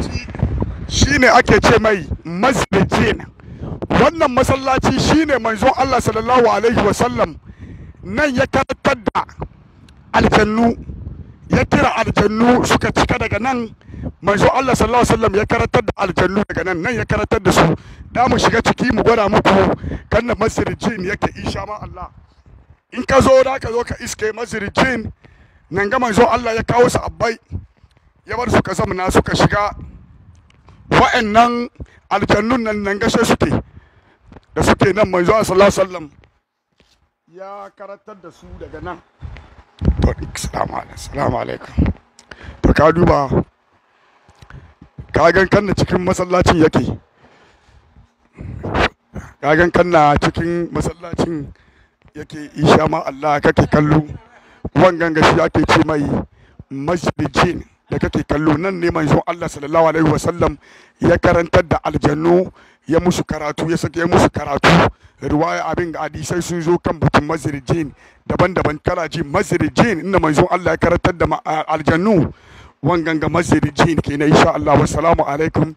masallaci shine ake ce mai masjidin wannan masallaci shine manzo Allah sallallahu alaihi wasallam nan ya karantar da aljannu ya kira aljannu suka cika daga nan manzo Allah sallallahu alaihi wasallam ya karatar da aljannu daga nan nan ya karatar da su da mu shiga ciki mu gwada muku kan na masjidin yake insha ma Allah in ka zo da ka zo ka iske masjidin nan ga manzo Allah ya kawo su abbai ya bar su ka na suka shiga wa'annan alkanun nan nan gashe suke da suke nan manzo sallallahu alaihi wasallam ya karantar da su daga nan to assalamu alaikum assalamu alaikum to ka duba gan kanna cikin masallacin yake kagan kanna cikin masallacin yake isha ma Allah kake kallo wangan gashi ake ce mai masjidin da kake kallo nan ne manzon Allah sallallahu alaihi wasallam ya karantar da aljannu ya musu karatu ya sake musu karatu riwaya abin ga hadisai sun zo kan batun mazirjin daban-daban kana ji mazirjin inda manzon Allah ya karantar da aljannu wangan ga mazirjin kenan insha Allah wassalamu alaikum